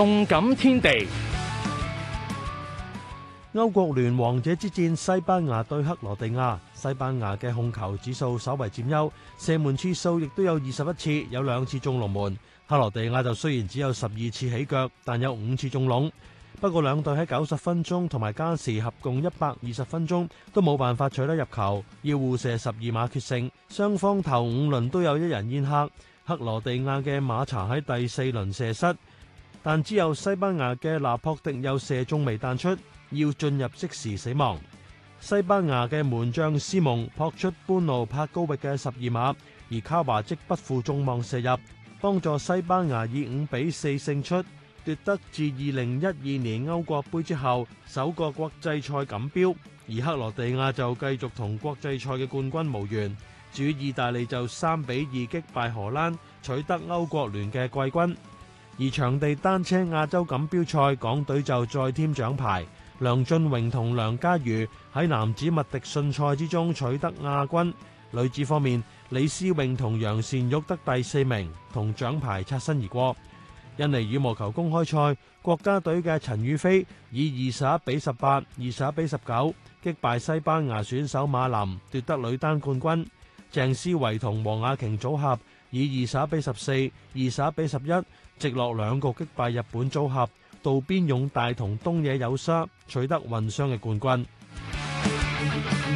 動感天地，歐國聯王者之戰，西班牙對克羅地亞。西班牙嘅控球指數稍為佔優，射門次數亦都有二十一次，有兩次中龍門。克羅地亞就雖然只有十二次起腳，但有五次中龍。不過兩隊喺九十分鐘同埋加時合共一百二十分鐘都冇辦法取得入球，要互射十二碼決勝。雙方頭五輪都有一人染黑，克羅地亞嘅馬查喺第四輪射失。.但之後西班牙嘅拿破迪又射中楣彈出，要進入即時死亡。西班牙嘅門將斯蒙撲出般奴柏高域嘅十二碼，而卡華即不負眾望射入，幫助西班牙以五比四勝出，奪得自二零一二年歐國杯之後首個國際賽錦標。而克羅地亞就繼續同國際賽嘅冠軍無緣。至於意大利就三比二擊敗荷蘭，取得歐國聯嘅季軍。而場地單車亞洲錦標賽，港隊就再添獎牌。梁俊榮同梁嘉如喺男子麥迪遜賽之中取得亞軍。女子方面，李思穎同楊善玉得第四名，同獎牌擦身而過。印尼羽毛球公開賽，國家隊嘅陳雨菲以二十一比十八、二十一比十九擊敗西班牙選手馬林，奪得女單冠軍。鄭思維同黃雅瓊組合，以二十一比十四、二十一比十一，11，直落兩局擊敗日本組合道邊勇大同東野有沙，取得混雙嘅冠軍。